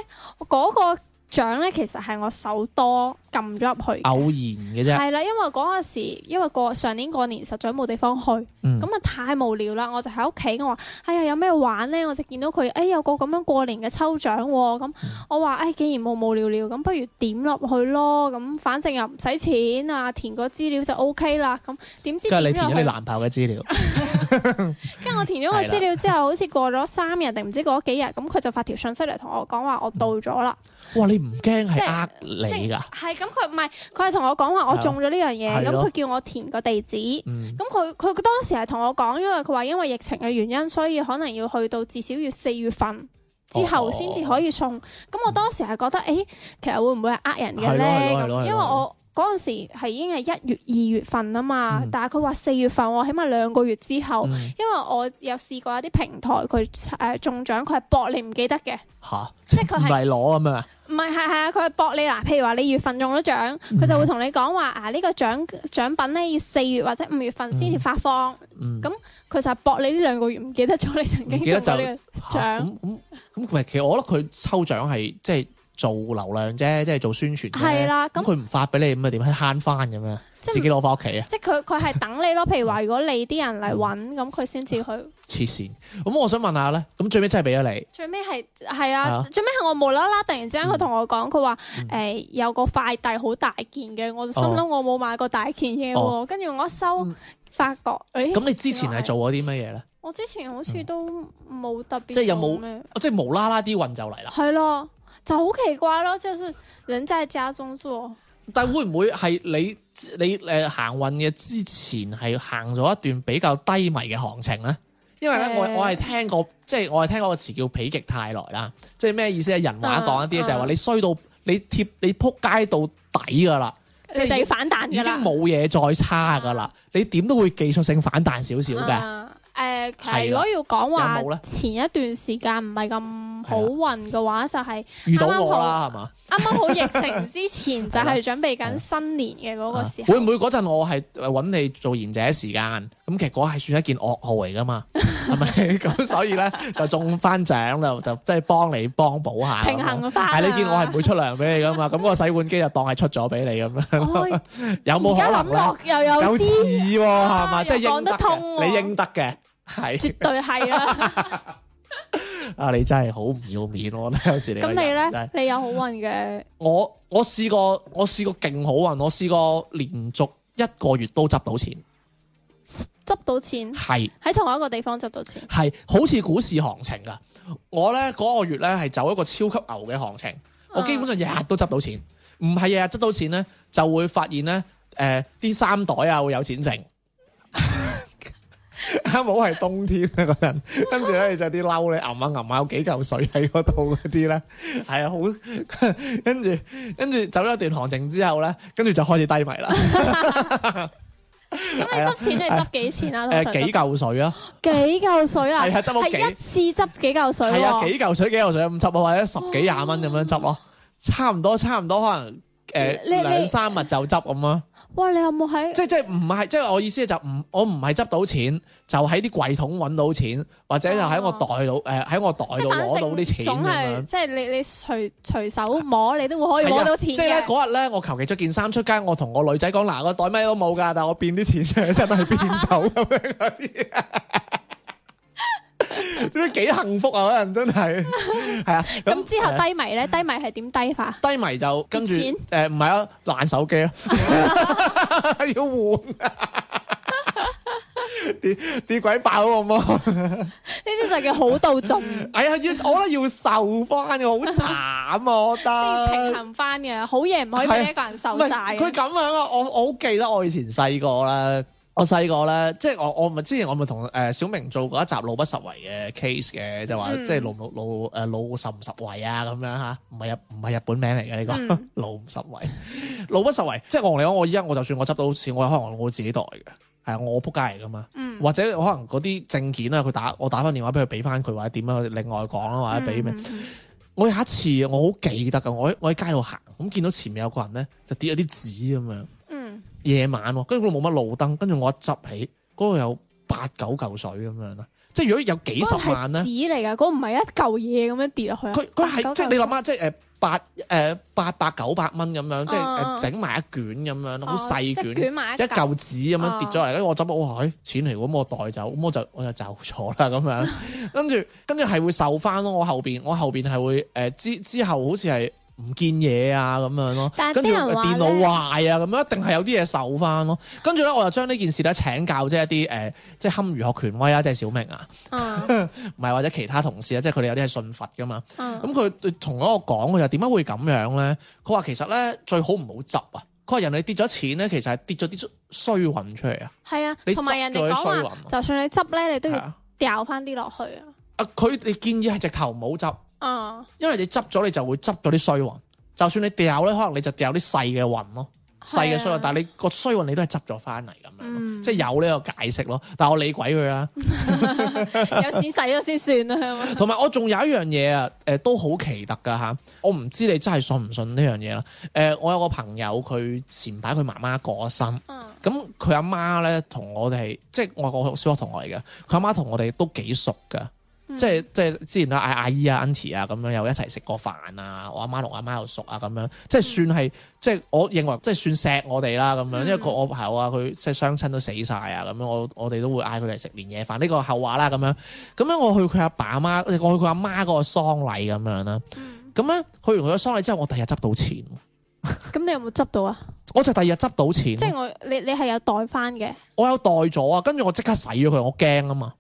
嗰個。獎咧，其實係我手多撳咗入去，偶然嘅啫。係啦，因為嗰陣時，因為過上年過年實在冇地方去，咁啊、嗯、太無聊啦，我就喺屋企。我話：哎呀，有咩玩咧？我就見到佢，哎有個咁樣過年嘅抽獎喎。咁我話：哎，既然無無聊聊，咁不如點入去咯。咁反正又唔使錢啊，填個資料就 OK 啦。咁點知？即係你男朋友嘅資料。 [LAUGHS] [LAUGHS] 跟住我填咗個資料之後，好似過咗三日定唔知過咗幾日，咁佢了就發條信息嚟同我講話，我到咗啦。唔驚係呃你㗎，係咁佢唔係，佢係同我講話我中咗呢樣嘢，咁佢、哦、叫我填個地址，咁佢佢當時係同我講，因為佢話因為疫情嘅原因，所以可能要去到至少要四月份之後先至可以送，咁、哦哦、我當時係覺得，誒、嗯欸，其實會唔會係呃人嘅咧？哦哦哦、因為我。嗰陣時係已經係一月二月份啊嘛，嗯、但係佢話四月份喎，起碼兩個月之後，嗯、因為我有試過有啲平台佢誒、呃、中獎佢係博你唔記得嘅嚇，哈即係佢係攞咁啊？唔係係係啊，佢係博你嗱，譬如話你月份中咗獎，佢、嗯、就會同你講話啊呢、呢個獎獎品咧要四月或者五月份先至發放，咁佢、嗯嗯、就係博你呢兩個月唔記得咗你曾經中過呢個獎，咁其實我覺得佢抽獎係即係。就是做流量啫，即係做宣傳。係啦，咁佢唔發俾你，咁咪點啊慳翻咁樣，自己攞翻屋企啊！即係佢，佢係等你咯。譬如話，如果你啲人嚟搵，咁佢先至去。黐線！咁我想問下咧，咁最尾真係俾咗你？最尾係係啊！最尾係我無啦啦，突然之間佢同我講，佢話誒有個快遞好大件嘅，我就心諗我冇買過大件嘢。跟住我一收，發覺誒。咁你之前係做咗啲乜嘢咧？我之前好似都冇特別，即係有冇？即係無啦啦啲運就嚟啦。係咯。就好奇怪咯，就是人在家中坐，但會唔會係你你誒、呃、行運嘅之前係行咗一段比較低迷嘅行程咧？因為咧、欸，我我係聽過即係、就是、我係聽過個詞叫否極泰來啦，即係咩意思啊？人話講一啲就係話你衰到你貼你撲街到底噶啦，就要反彈，已經冇嘢再差噶啦，嗯、你點都會技術性反彈少少嘅。誒、嗯，欸、對如果要講話有有前一段時間唔係咁。好運嘅話就係遇到我啦，係嘛？啱啱好疫情之前 [LAUGHS] 就係準備緊新年嘅嗰個時候，會唔會嗰陣我係揾你做賢者時間？咁其實係算一件噩耗嚟噶嘛？係咪 [LAUGHS] 不？咁 [LAUGHS] 所以咧就中翻獎啦，就即係幫你幫補下。平衡翻、啊。但 [LAUGHS] 係你見我係唔會出糧俾你噶嘛？咁、嗰個洗碗機就當係出咗俾你咁樣。 [LAUGHS] [LAUGHS] 有冇可諗落又有啲、啊，係嘛？即係講得通。你應得嘅，係絕對係啦。 [LAUGHS] 啊！你真係好唔要面，我咧有時你咁你咧，的你有好運嘅。我我試過，我試過勁好運。我試過連續一個月都執到錢，執到錢係喺是同一個地方執到錢，係好似股市行情㗎。我咧嗰、那個月咧係走一個超級牛嘅行情，我基本上日日都執到錢，唔係日日執到錢咧，就會發現咧，誒啲衫袋啊會有錢剩。啱好係冬天啊 [LAUGHS] 呢吻啊，吻啊，個人跟住咧着啲褸，你揞下揞下有幾嚿水喺嗰度嗰啲咧，係啊好 [LAUGHS] 跟住跟住走咗一段行程之後咧，跟住就開始低迷啦。咁 [LAUGHS] [LAUGHS] 你執錢你執幾錢啊？誒、 [LAUGHS] 啊，幾嚿水啊？ [LAUGHS] 幾嚿水啊？係啊，執到幾？一次執幾嚿水？係啊，幾嚿水，幾嚿水咁執啊，或者十幾廿蚊咁樣執咯、啊，差唔多，差唔多，可能誒兩、呃、你三日就執咁啊。哇！你有冇喺？即係即係唔係？即係我意思咧就唔，我唔係執到錢，就喺啲櫃桶搵到錢，或者就喺我袋度，誒，喺我袋度攞到啲錢咁樣。即係你你隨隨手摸你都會可以攞到錢，即係咧嗰日咧，我求其着件衫出街，我同我女仔講嗱，個袋咩都冇噶，但係我變啲錢出嚟，真係變到咁樣啲。 [LAUGHS] [LAUGHS] 啲幾 [LAUGHS] 幸福啊！可能真係係啊，咁之後低迷咧，低迷係點低法？低迷就錢跟住誒，唔係啊，爛手機咯， [LAUGHS] [LAUGHS] 要換換啊！啲 [LAUGHS] 跌鬼爆啊！冇呢啲就叫好到盡。哎呀，我要我得要受翻，好慘啊！我覺得 [LAUGHS] 要平衡翻嘅好嘢，唔可以俾一個人受晒。佢咁樣啊，樣我我好記得我以前細個啦。我細個咧，即係我我咪之前我咪同誒小明做過一集老不實圍嘅 case 嘅，嗯、就話即係老老老誒老實唔實圍啊咁樣吓，唔係日唔係日本名嚟嘅呢個老唔實圍，嗯、 [LAUGHS] 老不十實圍， [LAUGHS] 實 [LAUGHS] 即係我同你講，我依家，我就算我執到好似，我可能我自己袋嘅，係啊，我扑街嚟噶嘛，或者可能嗰啲證件咧，佢打我打翻電話俾佢俾翻佢，或者點樣，另外講啦，或者俾咩？嗯、我有一次我好記得噶，我我喺街度行，咁見到前面有個人咧就跌咗啲紙咁樣。夜晚喎，跟住嗰度冇乜路燈，跟住我一執起，嗰度有八九嚿水咁樣啦，即係如果有幾十萬咧？紙嚟㗎，嗰唔係一嚿嘢咁樣跌落去。佢佢係即係你諗下，即係誒八誒、呃、八百九百蚊咁樣，即係整埋一卷咁樣，好細卷、哦、卷一嚿紙咁樣跌咗嚟，跟住我執，我話誒、哎、錢嚟，咁我袋走，咁我就我就走咗啦咁樣。跟住跟住係會收翻咯，我後邊我後邊係會誒之、呃、之後好似係。唔見嘢啊咁樣咯，跟住電腦壞啊咁樣，一定係有啲嘢受翻咯。跟住咧，我又將呢件事咧請教即係一啲誒，即係堪輿學權威啦，即係小明啊，唔係或者其他同事啊，即係佢哋有啲係信佛噶嘛。咁佢同咗我講，佢就點解會咁樣咧？佢話其實咧最好唔好執啊。佢話人哋跌咗錢咧，其實係跌咗啲衰運出嚟啊。係啊，同埋人哋講話，就算你執咧，你都要掉翻啲落去啊。啊，佢哋建議係直頭唔好執。啊！因為你執咗，你就會執咗啲衰運。就算你掉咧，可能你就掉啲細嘅運咯，細嘅衰運。但係你、嗰個衰運，你都係執咗翻嚟咁樣，嗯、即係有呢個解釋咯。但係我理鬼佢啦， [LAUGHS] [LAUGHS] 有錢使咗先算啦。同埋 [LAUGHS] 我仲有一樣嘢啊，誒、呃、都好奇特噶吓，我唔知你真係信唔信呢樣嘢啦。誒、呃，我有個朋友，佢前排佢媽媽過咗身，咁佢阿媽咧同我哋，即係我個小學同學嚟嘅，佢阿媽同我哋都幾熟噶。即係、嗯、即係之前啦，嗌阿姨啊、uncle 啊咁樣又一齊食過飯啊，我阿媽同阿媽又熟啊咁樣，即係算係即係、嗯、我認為即係算錫我哋啦咁樣，嗯、因為我朋友啊，佢即係雙親都死晒啊咁樣，我我哋都會嗌佢嚟食年夜飯，呢個後話啦咁樣。咁樣我去佢阿爸阿媽，我哋過去佢阿媽嗰個喪禮咁樣啦。咁咧去完佢個喪禮之後，我第二日執到錢。咁你有冇執到啊？我就第二日執到錢。即係我你你係有袋翻嘅？我有袋咗啊！跟住我即刻使咗佢，我驚啊嘛，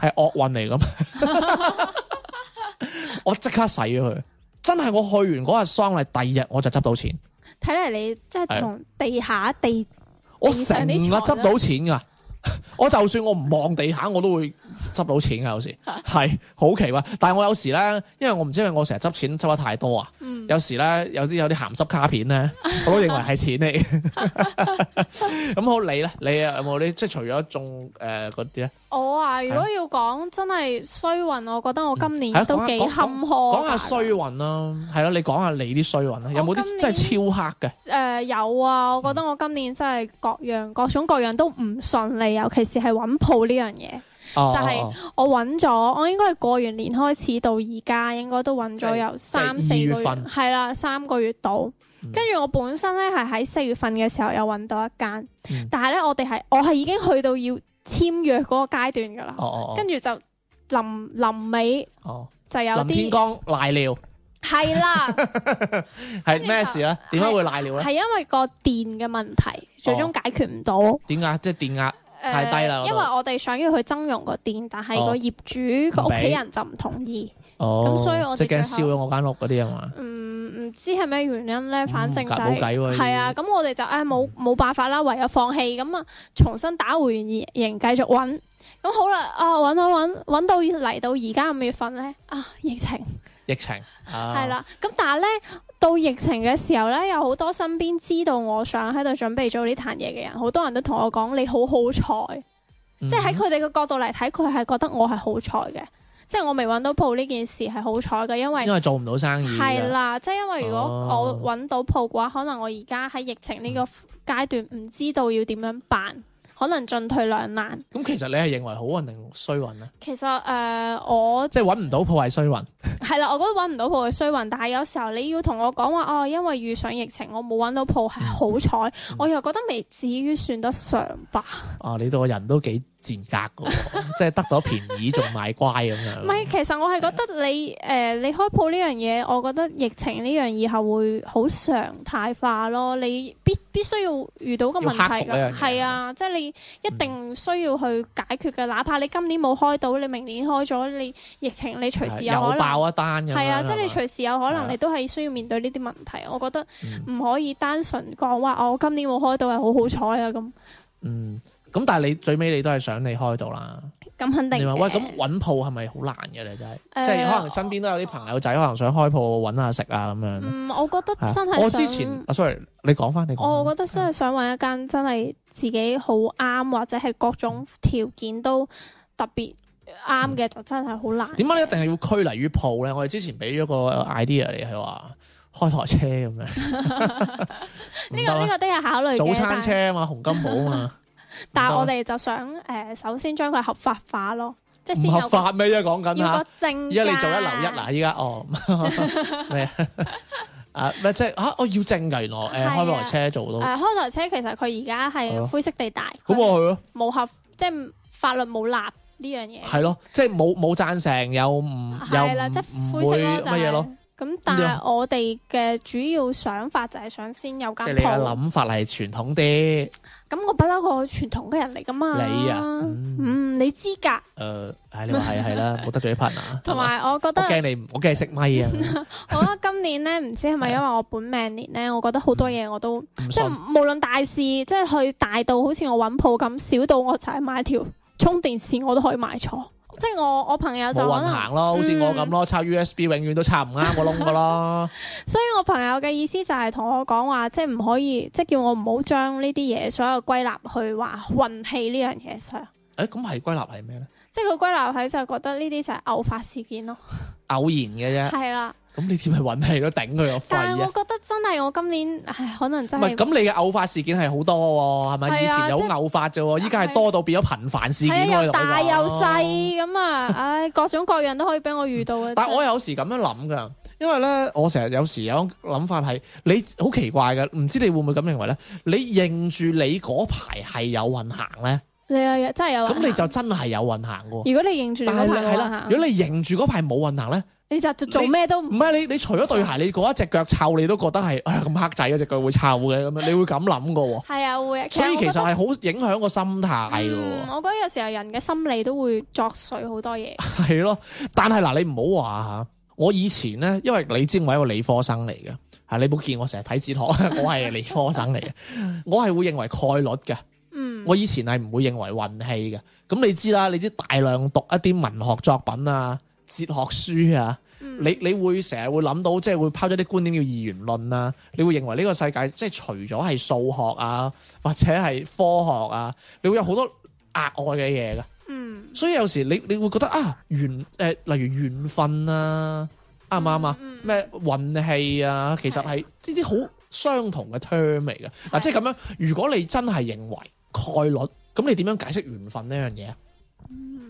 係惡運嚟。咁。 [LAUGHS] 我即刻使咗佢，真係我去完嗰日喪禮，第二日我就執到錢。睇嚟你即係同地下的地，地我成日執到錢噶， [LAUGHS] [LAUGHS] 我就算我唔望地下，我都會。執到錢㗎，有時係好奇怪。但係我有時咧，因為我唔知，因為我成日執錢執得太多啊。有時咧，有啲有啲鹹濕卡片咧，我都認為係錢嚟。咁好你咧，你有冇你即係除咗中誒嗰啲咧？我啊，如果要講真係衰運，我覺得我今年都幾坎坷。講下衰運啦，係咯，你講下你啲衰運啊？有冇啲真係超黑嘅？誒有啊，我覺得我今年真係各樣各種各樣都唔順利，尤其是係揾鋪呢樣嘢。就係我揾咗，我應該係過完年開始到而家，應該都揾咗有三四個月，係啦，三個月到。跟住我本身咧係喺四月份嘅時候有揾到一間，但係咧我哋係我係已經去到要簽約嗰個階段噶啦。哦哦。跟住就臨臨尾，哦，就有啲臨天光賴尿。係啦。係咩事咧？點解會賴尿咧？係因為個電嘅問題，最終解決唔到。點解？即係電壓。呃、太低啦，因為我哋想要去增容個電，但係個業主、哦、個屋企人就唔同意，咁、哦、所以我即係驚燒咗我間屋嗰啲啊嘛。嗯，唔知係咩原因咧，反正就係、嗯、啊。咁、啊、我哋就誒冇冇辦法啦，唯有放棄咁啊，重新打回原形，繼續揾咁好啦。啊，揾揾揾揾到嚟到而家五月份咧啊，疫情疫情係啦。咁、 [LAUGHS] 啊、 [LAUGHS] 但係咧。到疫情嘅時候咧，有好多身邊知道我想喺度準備做呢壇嘢嘅人，好多人都同我講你好好彩，嗯哼，即係喺佢哋嘅角度嚟睇，佢係覺得我係好彩嘅，即係我未揾到鋪呢件事係好彩嘅，因為因為做唔到生意。係啦，即係因為如果我揾到鋪嘅話，哦、可能我而家喺疫情呢個階段唔知道要點樣辦。可能進退兩難。咁其實你係認為好運定衰運啊？其實誒、呃，我即係揾唔到鋪係衰運。係啦， [LAUGHS] 我覺得揾唔到鋪係衰運，但係有時候你要同我講話哦，因為遇上疫情，我冇揾到鋪，係好彩，我又覺得未至於算得上吧。 [LAUGHS] 啊，你對我人都幾賤格嘅，即係得咗便宜仲賣乖咁樣。唔係，其實我係覺得你誒、呃，你開鋪呢樣嘢，我覺得疫情呢樣以後會好常態化咯。你必必須要遇到個問題㗎，係啊，即係、嗯、你一定需要去解決嘅。哪怕你今年冇開到，你明年開咗，你疫情你隨時有可能爆一單。係啊，即係你隨時有可能你都係需要面對呢啲問題。我覺得唔可以單純講話我今年冇開到係好好彩啊咁。嗯。嗯嗯咁但係你最尾你都係想你開到啦，咁肯定。你話喂，咁搵鋪係咪好難嘅咧？真係，即係可能身邊都有啲朋友仔可能想開鋪搵下食啊咁樣。唔，我覺得真係。我之前，sorry，你講翻你講。我我覺得真係想搵一間真係自己好啱，或者係各種條件都特別啱嘅，就真係好難。點解你一定要拘泥於鋪咧？我哋之前俾咗個 idea 你係話開台車咁樣。呢個呢個都有考慮。早餐車啊嘛，洪金寶啊嘛。但係我哋就想誒，首先將佢合法化咯，即係先有要個證。依家你做一留一嗱，依家哦咩啊？咩即係吓？我要證噶，原來誒開台車做都係開台車。其實佢而家係灰色地帶，咁啊去咯，冇合即係法律冇立呢樣嘢。係咯，即係冇冇贊成又唔即又灰色乜嘢咯。咁但係我哋嘅主要想法就係想先有間舖。即係你嘅諗法係傳統啲。咁我不嬲，個傳統嘅人嚟噶嘛？你啊，嗯，嗯你知噶？誒，唉，你話係啊，係啦，我得罪一 partner。同埋 [LAUGHS] 我覺得， [LAUGHS] 我驚你，我驚你識咪啊！ [LAUGHS] 我覺得今年咧，唔知係咪因為我本命年咧，的我覺得好多嘢我都即係無論大事，即係去大到好似我揾鋪咁，小到我就係買條充電線，我都可以買錯。即係我我朋友就冇運行咯，好似我咁咯，插、嗯、USB 永遠都插唔啱個窿噶咯。 [LAUGHS] 所以我朋友嘅意思就係同我講話，即係唔可以，即係叫我唔好將呢啲嘢所有歸納去話運氣呢樣嘢上。誒、欸，咁係歸納係咩咧？即係佢歸納喺就係覺得呢啲就係偶發事件咯， [LAUGHS] 偶然嘅的啫。係啦。咁你啲咪運氣都頂佢個肺嘅。 [MUSIC] 我覺得真係，我今年可能真係。唔咁，你嘅偶發事件係好多喎，係咪？以前有偶發啫，依家係多到變咗頻繁事件、啊、大又細咁啊！唉，各種各樣都可以俾我遇到 [LAUGHS] 但係我有時咁樣諗㗎，因為咧，我成日有時有諗法係，你好奇怪嘅，唔知你會唔會咁認為咧？你認住你嗰排係有運行咧？你啊，真係有運行。咁你就真係有運行喎。如果你認住，但啦，如果你認住嗰排冇運行咧。你就做咩都唔係你，你，你除咗對鞋，你嗰一隻腳臭，你都覺得係唉咁黑仔嘅隻腳會臭嘅咁樣，你會咁諗嘅喎。 [LAUGHS] 係啊，會。所以其實係好影響個心態。我覺得有時候人嘅心理都會作祟好多嘢。係咯、嗯，但係嗱，你唔好話吓。我以前咧，因為你知我係個理科生嚟嘅，係 [LAUGHS] 你冇見我成日睇哲學，我係理科生嚟嘅，我係會認為概率嘅。嗯，我以前係唔會認為運氣嘅。咁你知啦，你知，你知大量讀一啲文學作品啊。哲學書啊，嗯、你你會成日會諗到，即係會拋咗啲觀點叫二元論啊。你會認為呢個世界即係除咗係數學啊，或者係科學啊，你會有好多額外嘅嘢㗎。嗯，所以有時你你會覺得啊，緣誒、呃，例如緣分啊，啱唔啱啊？咩運氣啊，其實係呢啲好相同嘅 term 嚟嘅。嗱、嗯，即係咁樣，如果你真係認為概率，咁你點樣解釋緣分呢樣嘢？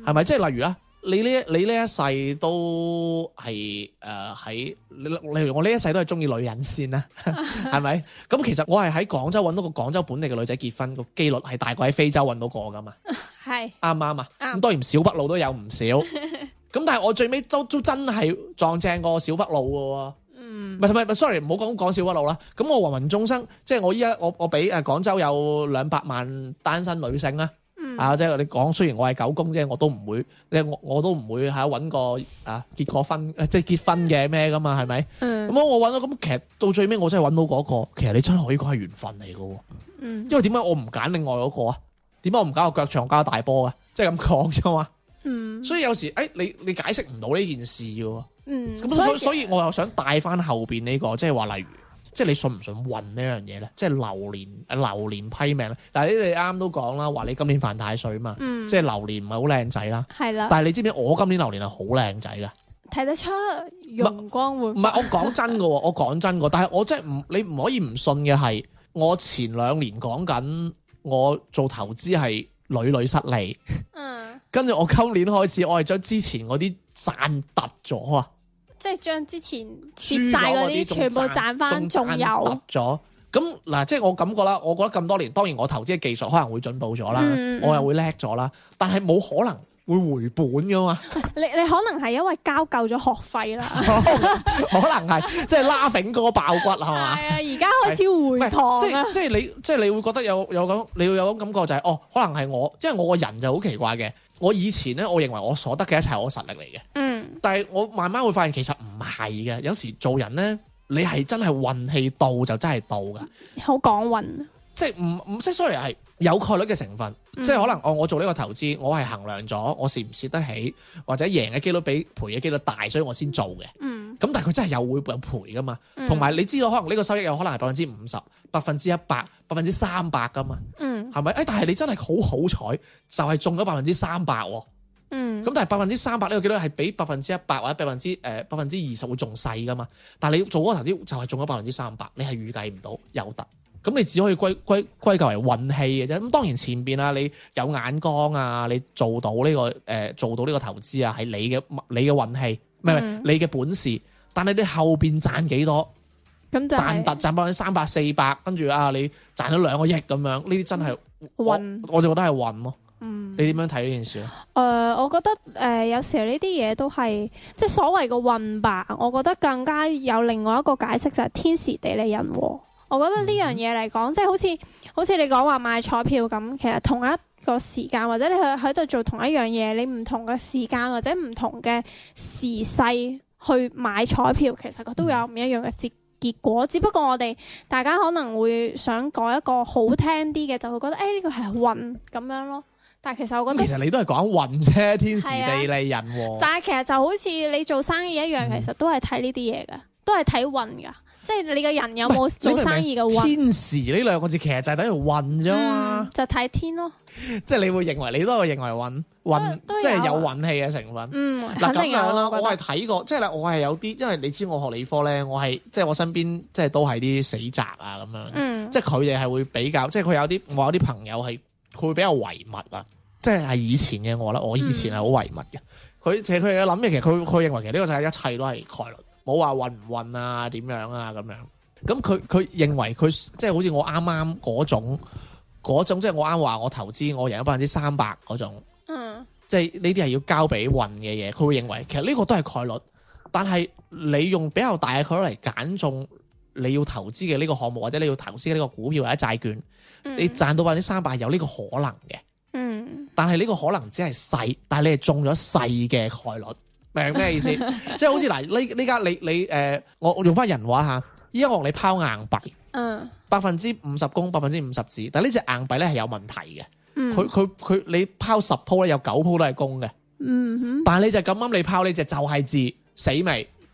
係咪即係例如啊。你呢？你呢一世都係誒喺，例如我呢一世都係中意女人先啦，係咪？咁 [LAUGHS] 其實我係喺廣州揾到個廣州本地嘅女仔結婚，個機率係大概喺非洲揾到個噶嘛？係啱唔啱啊！咁 [LAUGHS] 當然小北路都有唔少，咁 [LAUGHS] 但係我最尾都都真係撞正個小北路嘅喎。嗯， [LAUGHS] 唔係唔係 sorry 唔好講講小北路啦。咁我芸芸眾生，即係我依家我我俾誒廣州有兩百萬單身女性啦。啊！即係你講，雖然我係狗公啫，我都唔會，即係我我都唔會喺度揾、啊、個啊結過婚，即係結婚嘅咩噶嘛，係咪？咁、嗯、我揾到咁其實到最尾我真係揾到嗰、那個，其實你真係可以講係緣分嚟噶喎。嗯、因為點解我唔揀另外嗰個啊？點解我唔揀個腳長加大波嘅？即係咁講啫嘛。嗯。所以有時誒、哎，你你解釋唔到呢件事喎。嗯。咁所所以，所以我又想帶翻後邊呢、這個，即係話例如。即係你信唔信運呢樣嘢咧？即係流年，流年、啊、流年批命咧。但係啲你啱都講啦，話你今年犯太歲嘛。嗯。即係流年唔係好靚仔啦。係啦、嗯。但係你知唔知我今年流年係好靚仔嘅？睇得出容光煥發。唔係我講真嘅喎，我講真嘅，但係我真係唔，你唔可以唔信嘅係，我前兩年講緊我做投資係屢屢失利。嗯。 [LAUGHS] 跟住我今年開始，我係將之前嗰啲賺突咗啊！即係將之前蝕晒嗰啲全部賺返，仲賺有得咗咁嗱。即係我感覺啦，我覺得咁多年，當然我投資嘅技術可能會進步咗啦，嗯、我又會叻咗啦，但係冇可能。會回本噶嘛？你你可能係因為交夠咗學費啦， [LAUGHS] [LAUGHS] 可能係即係拉餅哥爆骨係嘛？係啊，而家 [LAUGHS] 開始回堂啊！即即係你即係你會覺得有有咁，你會有種感覺就係、是、哦，可能係我，因為我個人就好奇怪嘅。我以前咧，我認為我所得嘅一切係我實力嚟嘅。嗯。但係我慢慢會發現其實唔係嘅，有時做人咧，你係真係運氣到就真係到噶、嗯。好講運，即係唔唔即係 sorry 係有概率嘅成分。嗯、即係可能，我、哦、我做呢個投資，我係衡量咗我蝕唔蝕得起，或者贏嘅機率比賠嘅機率大，所以我先做嘅。嗯。咁但係佢真係又會有賠噶嘛？同埋、嗯、你知道，可能呢個收益有可能係百分之五十、百分之一百、百分之三百噶嘛？嗯。係咪？誒，但係你真係好好彩，就係、是、中咗百分之三百喎。啊、嗯。咁但係百分之三百呢個機率係比百分之一百或者百分之誒百分之二十會仲細噶嘛？但係你做嗰個投資就係中咗百分之三百，你係預計唔到，有運行。咁你只可以歸歸歸咎為運氣嘅啫。咁當然前邊啦、啊，你有眼光啊，你做到呢、這個誒、呃、做到呢個投資啊，係你嘅你嘅運氣，唔係、嗯、你嘅本事。但係你後邊賺幾多、嗯賺，賺、賺百分之三百四百，跟住啊，你賺咗兩個億咁樣，呢啲真係運、嗯，我就覺得係運咯。嗯，你點樣睇呢件事咧？誒，我覺得誒、呃、有時候呢啲嘢都係即係所謂嘅運吧。我覺得更加有另外一個解釋就係、是、天時地利人和。我覺得呢樣嘢嚟講，即係好似好似你講話買彩票咁，其實同一個時間或者你去喺度做同一樣嘢，你唔同嘅時間或者唔同嘅時勢去買彩票，其實佢都有唔一樣嘅結結果。只不過我哋大家可能會想講一個好聽啲嘅，就會覺得誒呢、哎這個係運咁樣咯。但係其實我覺得其實你都係講運啫，天時地利人和、啊。啊、但係其實就好似你做生意一樣，嗯、其實都係睇呢啲嘢㗎，都係睇運㗎。即係你個人有冇做生意嘅運？明明天時呢兩個字其實就係等於運啫嘛，就睇天咯。 [LAUGHS] 即係你會認為，你都係認為運運，運啊、即係有運氣嘅成分。嗯，肯定有啦。樣我係睇過，即係我係有啲，因為你知我學理科咧，我係即係我身邊即係都係啲死宅啊咁樣。嗯，即係佢哋係會比較，即係佢有啲我有啲朋友係會比較唯物啊。即係係以前嘅我啦，我以前係好唯物嘅。佢其實佢哋嘅諗嘢，其實佢佢認為其實呢個就係一切都係概率。我話運唔運啊？點樣啊？咁樣咁佢佢認為佢即係好似我啱啱嗰種嗰種，即係、就是、我啱話我投資我贏咗百分之三百嗰種，嗯，即係呢啲係要交俾運嘅嘢。佢會認為其實呢個都係概率，但係你用比較大嘅概率嚟揀中你要投資嘅呢個項目或者你要投資嘅呢個股票或者債券，你賺到百分之三百係有呢個可能嘅，嗯，但係呢個可能只係細，但係你係中咗細嘅概率。明咩意思？ [LAUGHS] 即係好似嗱，呢呢家你你誒、呃，我我用翻人話吓，依家我同你拋硬幣，嗯，百分之五十公，百分之五十字，但呢隻硬幣咧係有問題嘅，嗯，佢佢佢，你拋十鋪咧有九鋪都係公嘅，嗯哼，但係你，你就咁啱你拋呢隻就係字死未？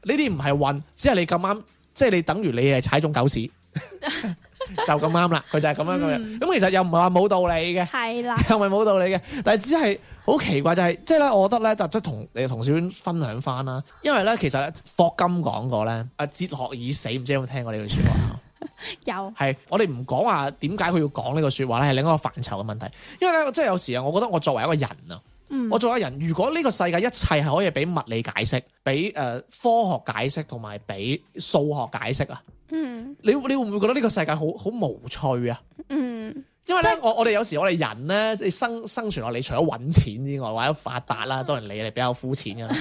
呢啲唔係運，只係你咁啱，即係你等於你係踩中狗屎。 [LAUGHS] [LAUGHS] 就咁啱啦，佢就係咁樣咁樣，咁、嗯、其實又唔係話冇道理嘅，係啦，又係冇道理嘅，但係只係好奇怪就係、是，即係咧，我覺得咧，就即係同誒同事分享翻啦，因為咧，其實霍金講過咧，啊，哲學已死，唔知有冇聽過呢句說話？ [LAUGHS] 有係我哋唔講話點解佢要講呢個說話咧，係另一個範疇嘅問題，因為咧，即、就、係、是，有時啊，我覺得我作為一個人啊，嗯、我作為人，如果呢個世界一切係可以俾物理解釋、俾誒科學解釋同埋俾數學解釋啊。嗯，你你會唔會覺得呢個世界好好無趣啊？嗯，因為咧即係，我我哋有時我哋人咧，即係生生存落嚟，除咗搵錢之外，或者發達啦，當然你係比較膚淺啊，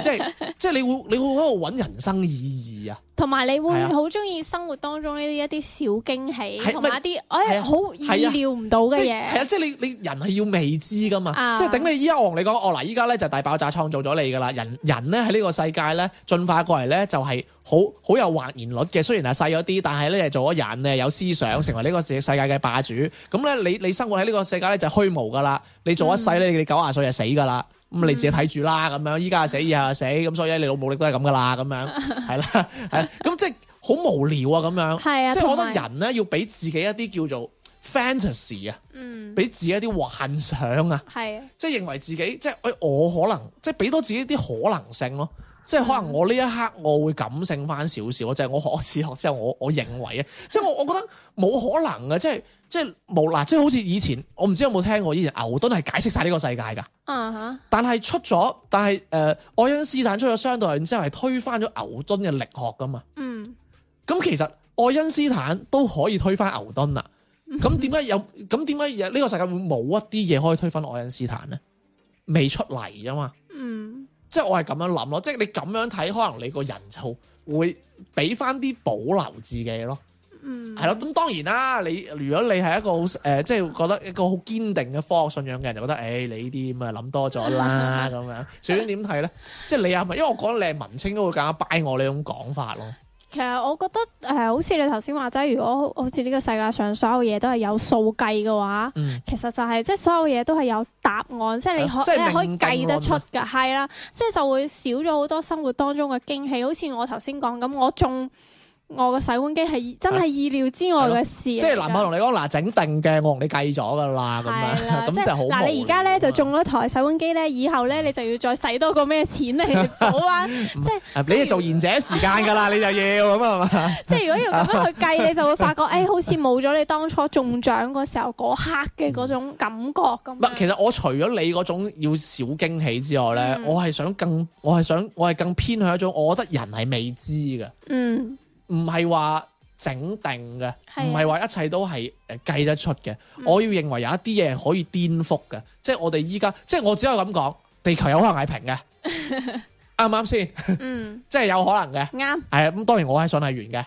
即係即係你會你會喺度搵人生意義。同埋你會好中意生活當中呢一啲小驚喜，同埋的一啲誒好意料唔到嘅嘢。係啊，即係你你人係要未知噶嘛？即係頂你依家我同你講哦，嗱，依家咧就大爆炸創造咗你噶啦。人人咧喺呢個世界咧進化過嚟咧就係好好有還原率嘅。雖然係細咗啲，但係咧係做咗人誒，有思想，成為呢個世界嘅霸主。咁咧你你生活喺呢個世界咧就虛無噶啦。你做一世咧，你九廿歲就死噶啦。嗯咁、嗯、你自己睇住啦，咁樣依家死，依死，咁所以你老母力都係咁噶啦，咁樣係啦，係， [LAUGHS] 咁即係好無聊啊，咁樣，即係我覺得人咧要俾自己一啲叫做 fantasy 啊，嗯，俾自己一啲幻想啊，係、嗯，即係認為自己即係我可能即係俾多自己啲可能性咯，即係可能我呢一刻我會感性翻少少即係我學始學之後我我認為啊，即係我我覺得冇可能啊，即係。即係冇啦，即係好似以前，我唔知有冇聽過以前牛頓係解釋曬呢個世界噶。啊哈、uh huh.！但係出咗，但係誒，愛因斯坦出咗相對論，然之後係推翻咗牛頓嘅力學噶嘛。Mm. 嗯。咁其實愛因斯坦都可以推翻牛頓啦。咁點解有？咁點解呢個世界會冇一啲嘢，可以推翻愛因斯坦咧？未出嚟啫嘛。嗯。Mm. 即係我係咁樣諗咯。即係你咁樣睇，可能你個人就會俾翻啲保留自己咯。嗯，係咯、啊，咁當然啦。你如果你係一個好誒，即、呃、係、就是、覺得一個好堅定嘅科學信仰嘅人，就覺得，誒、欸，你呢啲咁啊，諗多咗啦咁樣。小娟點睇咧？ [LAUGHS] 即係你係咪？因為我講靚文青都會揀拜我呢種講法咯。其實我覺得誒、呃，好似你頭先話齋，如果好似呢個世界上所有嘢都係有數計嘅話，嗯、其實就係即係所有嘢都係有答案，嗯、即係你可係可以計得出嘅，係啦，即、就、係、是、就會少咗好多生活當中嘅驚喜。好似我頭先講咁，我仲。我個洗碗機係真係意料之外嘅事，即係嗱，我同你講嗱，整定嘅，我同你計咗噶啦，咁樣，咁真係好。嗱，你而家咧就中咗台洗碗機咧，以後咧你就要再使多個咩錢嚟補翻？即係你係做賢者時間噶啦，你就要咁啊嘛。即係如果要咁樣去計，你就會發覺，誒，好似冇咗你當初中獎嗰時候嗰刻嘅嗰種感覺咁。唔，其實我除咗你嗰種要小驚喜之外咧，我係想更，我係想，我係更偏向一種，我覺得人係未知嘅，嗯。唔係話整定嘅，唔係話一切都係誒計得出嘅。我要認為有一啲嘢係可以顛覆嘅，即係、嗯、我哋依家，即、就、係、係、我只可以咁講，地球有可能係平嘅。 [LAUGHS] 啱啱、啊、先嗯嗯？嗯，即係有可能嘅。啱。係啊，咁當然我係信係完嘅，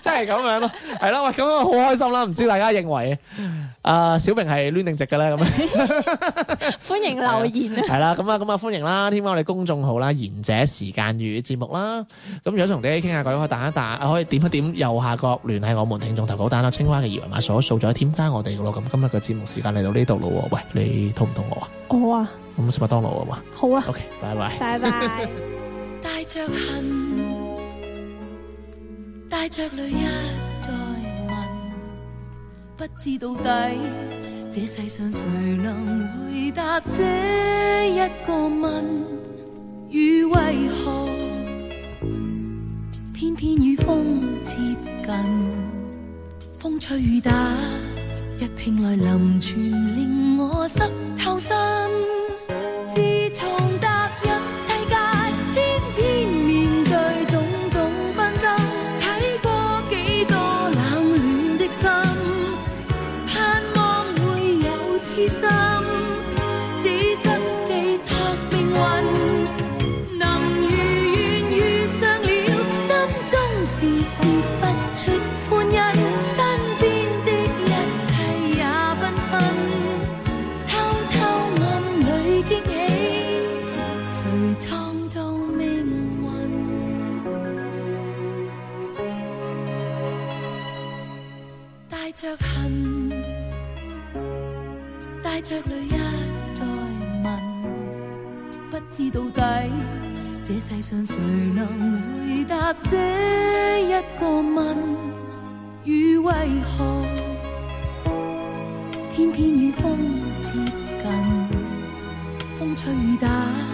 即係咁樣咯。係啦，喂，咁啊好開心啦，唔知大家認為，啊，小明係攣定直嘅咧？咁 [LAUGHS] 歡迎留言。係 [LAUGHS] 啦，咁啊，咁啊，歡迎啦，添加我哋公眾號啦，賢者時間語節目啦。咁如果想同你傾下偈，可以打一打，可以點一點右下角聯繫我們聽眾投稿單啦。青蛙嘅二維碼掃一掃，添加我哋嘅咯。咁今日嘅節目時間嚟到呢度咯。喂，你肚唔肚餓啊？我啊？我唔食麥當勞啊嘛，好，好啊，OK，拜拜，拜拜。一拼來臨泉令我濕透身。自從 [NOISE] 着恨，帶着淚一再問，不知到底這世上誰能回答這一個問？雨為何偏偏與風接近？風吹雨打。